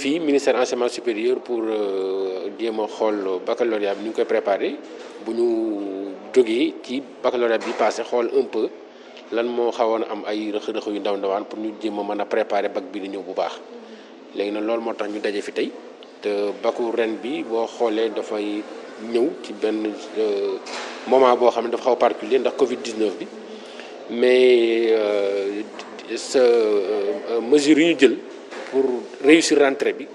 fi ministère enseignement supérieur pour euh, jéem xol baccalauréat nous ni ñu koy préparé bu ci baccalauréat bi passé xol un peu lan mo xawoon am ay rëq-rëq yu ndaw ndawan pour ñu jéem mëna préparer bac bi di ñëw bu baax légui nag lool motax ñu dajé fi tay te bacu ren bi xolé da fay ci ben moment à xamné de dafa xaw particulier ndax Covid 19 bi mais ce euh, mesure ñu jël pour réussir rentrée bi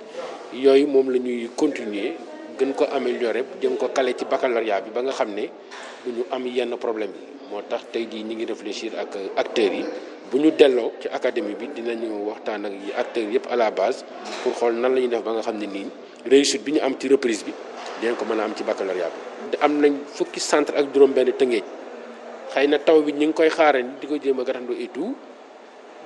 yoy mom lañuy continuer gën ko améliorer jëm ko kale ci baccalauréat bi ba nga xamné buñu am yenn problème yi moo tax tey jii ngi réfléchir ak acteurs yi buñu dello ci académie bi dinañu waxtaan ak acteurs yépp à la base pour xol nan lañuy def ba nga xamné ni nii réussite bi am ci reprise bi dinañ ko mën am ci baccalauréat bi. am nañ fukki centre ak juróom-benn tëngeej xëy na taw bi ñu ngi koy xaaran di ko jéem a gàttandu et tout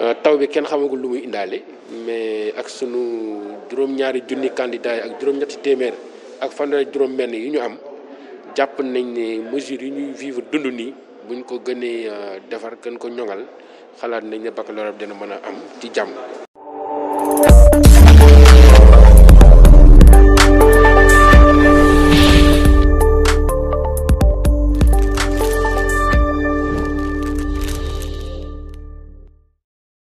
Euh, taw bi kenn xamagul lu muy indaale mais ak sunu juróom-ñaari junni candidats ak juróom-ñetti téeméer ak fanweeri juróom-benn yi ñu am jàpp nañ ni mesures yu ñuy vivre dund nii buñ ko gënee euh, defar gën ko ñoŋal xalaat nañ ne baccalauréat dina mën a am ci jàmm.